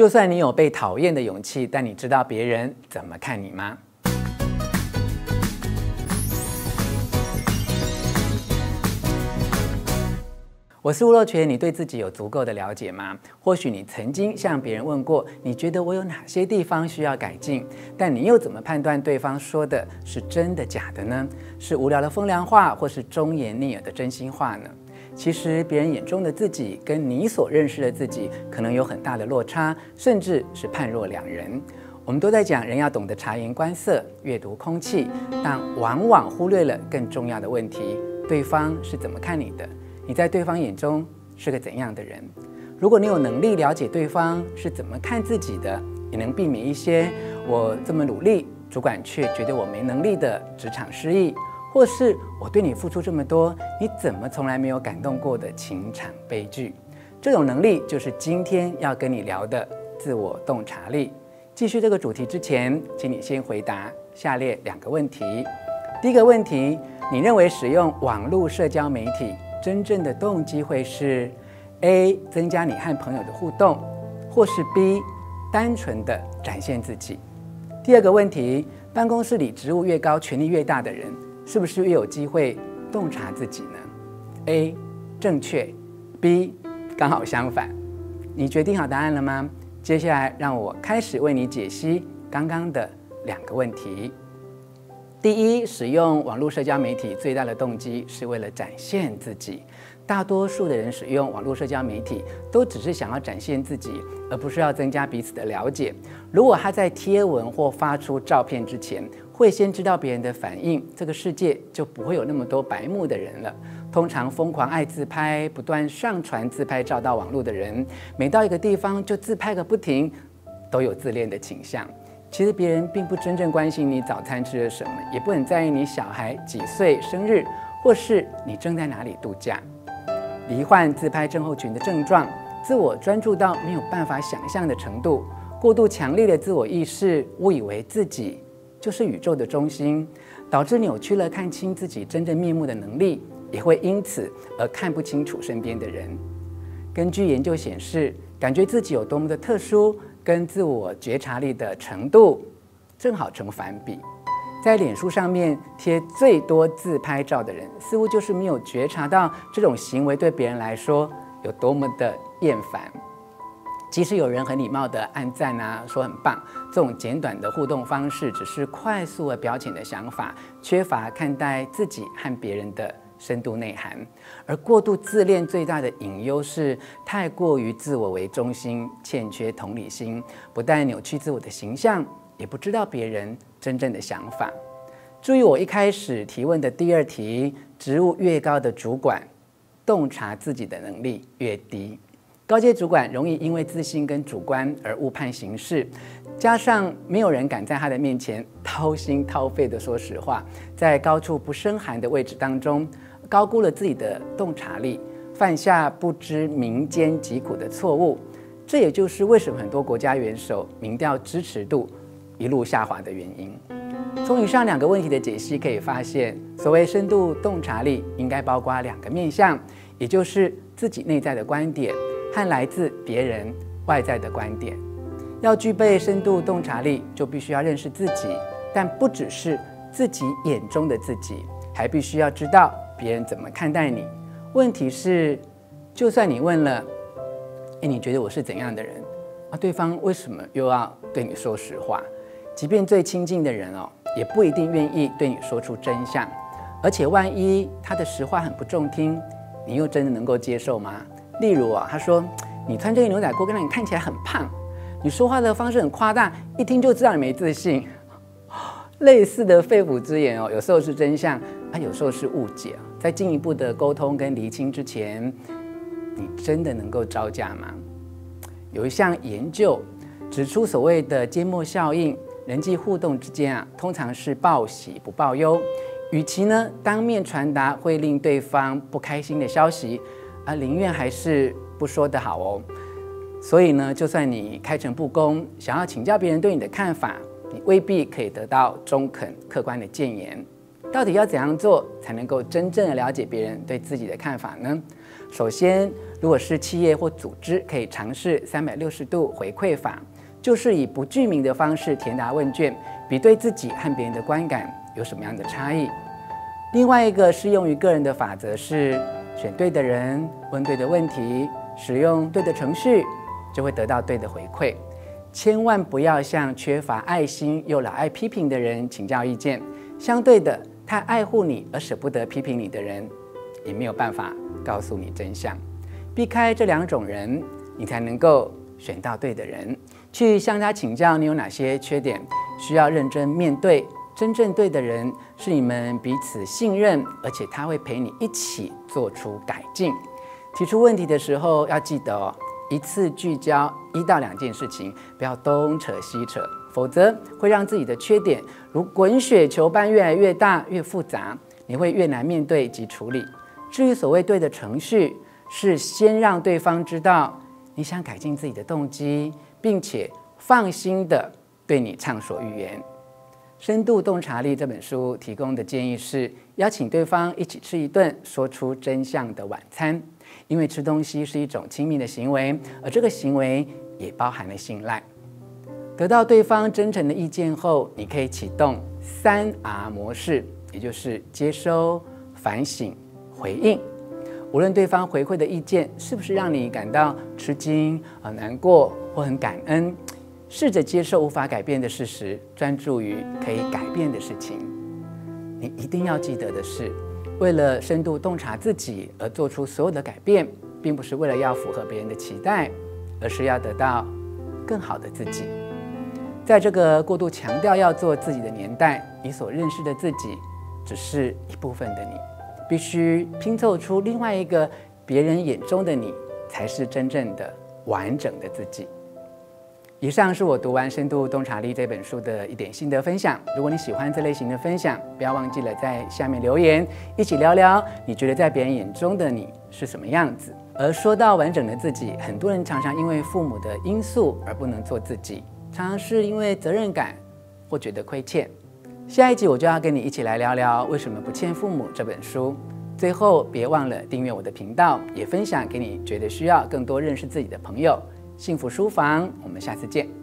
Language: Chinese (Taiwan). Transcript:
就算你有被討厭的勇氣，但你知道別人怎麼看你嗎？我是吳若權，你對自己有足夠的了解嗎？或許你曾經向別人問過，你覺得我有哪些地方需要改進？但你又怎麼判斷對方說的是真的假的呢？是無聊的風涼話，或是忠言逆耳的真心話呢？其實，別人眼中的自己跟你所認識的自己，可能有很大的落差，甚至是判若兩人。我們都在講人要懂得察言觀色、閱讀空氣，但往往忽略了更重要的問題：對方是怎麼看你的？你在對方眼中是個怎樣的人？如果你有能力了解對方是怎麼看自己的，你能避免一些我這麼努力，主管卻覺得我沒能力的職場失意。或是我對你付出這麼多，你怎麼從來沒有感動過的情場悲劇？這種能力就是今天要跟你聊的自我洞察力。繼續這個主題之前，請你先回答下列兩個問題：第一個問題，你認為使用網絡社交媒體真正的動機會是 A 增加你和朋友的互動，或是 B 單純的展現自己？第二個問題，辦公室裡職務越高、權力越大的人。是不是越有機會洞察自己呢？A 正確，B 剛好相反。你決定好答案了嗎？接下來讓我開始為你解析剛剛的兩個問題。第一，使用網絡社交媒體最大的動機是為了展現自己。大多數的人使用網絡社交媒體都只是想要展現自己，而不是要增加彼此的了解。如果他在貼文或發出照片之前，會先知道別人的反應，這個世界就不會有那麼多白目的人了。通常瘋狂愛自拍、不斷上傳自拍照到網絡的人，每到一個地方就自拍個不停，都有自戀的傾向。其實別人並不真正關心你早餐吃了什麼，也不很在意你小孩幾歲生日，或是你正在哪裡度假。罹患自拍症候群的症狀，自我專注到沒有辦法想象的程度，過度強烈的自我意識，誤以為自己。就是宇宙的中心，導致扭曲了看清自己真正面目的能力，也會因此而看不清楚身邊的人。根據研究顯示，感覺自己有多麼的特殊，跟自我覺察力的程度正好成反比。在臉書上面貼最多自拍照的人，似乎就是沒有覺察到這種行為對別人來說有多麼的厭煩。即使有人很禮貌地按讚啊，說很棒，這種簡短的互動方式只是快速而表淺的想法，缺乏看待自己和別人的深度內涵。而過度自戀最大的隱憂是太過於自我為中心，欠缺同理心，不但扭曲自我的形象，也不知道別人真正的想法。注意，我一開始提問的第二題：職務越高的主管，洞察自己的能力越低。高階主管容易因為自信跟主觀而誤判形勢，加上沒有人敢在他的面前掏心掏肺地說實話，在高處不勝寒的位置當中，高估了自己的洞察力，犯下不知民間疾苦的錯誤。這也就是為什麼很多國家元首民調支持度一路下滑的原因。從以上兩個問題的解析可以發現，所謂深度洞察力應該包括兩個面向，也就是自己內在的觀點，和來自別人外在的觀點，要具備深度洞察力，就必須要認識自己，但不只是自己眼中的自己，還必須要知道別人怎麼看待你。問題是，就算你問了，誒，你覺得我是怎樣的人？啊，對方為什麼又要對你說實話？即便最親近的人哦，也不一定願意對你說出真相。而且萬一他的實話很不中聽，你又真的能夠接受嗎？例如啊，他說：“你穿這個牛仔褲會讓你看起來很胖，你說話的方式很誇大，一聽就知道你沒自信。”哦，類似的肺腑之言哦，有時候是真相，它啊，有時候是誤解啊。在進一步的溝通跟釐清之前，你真的能夠招架嗎？有一項研究指出，所謂的緘默效應，人際互動之間啊，通常是報喜不報憂。與其呢當面傳達會令對方不開心的消息。而寧願還是不說的好哦。所以呢，就算你開誠布公，想要請教別人對你的看法，你未必可以得到中肯客觀的建言。到底要怎樣做才能夠真正的了解別人對自己的看法呢？首先，如果是企業或組織，可以嘗試三百六十度回饋法，就是以不具名的方式填答問卷，比對自己和別人的觀感有什麼樣的差異。另外一個適用於個人的法則是，選對的人，問對的問題，使用對的程序，就會得到對的回饋。千萬不要向缺乏愛心又老愛批評的人請教意見。相對的，太愛護你而捨不得批評你的人，也沒有辦法告訴你真相。避開這兩種人，你才能夠選到對的人，去向他請教你有哪些缺點，需要認真面對。真正對的人是你們彼此信任，而且他會陪你一起做出改進。提出問題的時候要記得哦，一次聚焦一到兩件事情，不要東扯西扯，否則會讓自己的缺點如滾雪球般越來越大、越複雜，你會越難面對及處理。至於所謂對的程序，是先讓對方知道你想改進自己的動機，並且放心的對你暢所欲言。深度洞察力這本書提供的建議是：邀請對方一起吃一頓說出真相的晚餐，因為吃東西是一種親密的行為，而這個行為也包含了信賴。得到對方真誠的意見後，你可以啟動三 R 模式，也就是接收、反省、回應。無論對方回饋的意見是不是讓你感到吃驚、很難過或很感恩。試着接受無法改變的事實，專注於可以改變的事情。你一定要記得的是，為了深度洞察自己而做出所有的改變，並不是為了要符合別人的期待，而是要得到更好的自己。在這個過度強調要做自己的年代，你所認識的自己，只是一部分的你，必須拼湊出另外一個別人眼中的你，才是真正的完整的自己。以上是我讀完《深度洞察力》這本書的一點心得分享。如果你喜歡這類型的分享，不要忘記了在下面留言，一起聊聊你覺得在別人眼中的你是什麼樣子。而說到完整的自己，很多人常常因為父母的因素而不能做自己，常常是因為責任感或覺得虧欠。下一集我就要跟你一起來聊聊《為什麼不欠父母》這本書。最後，別忘了訂閱我的頻道，也分享給你覺得需要更多認識自己的朋友。幸福書房，我們下次見。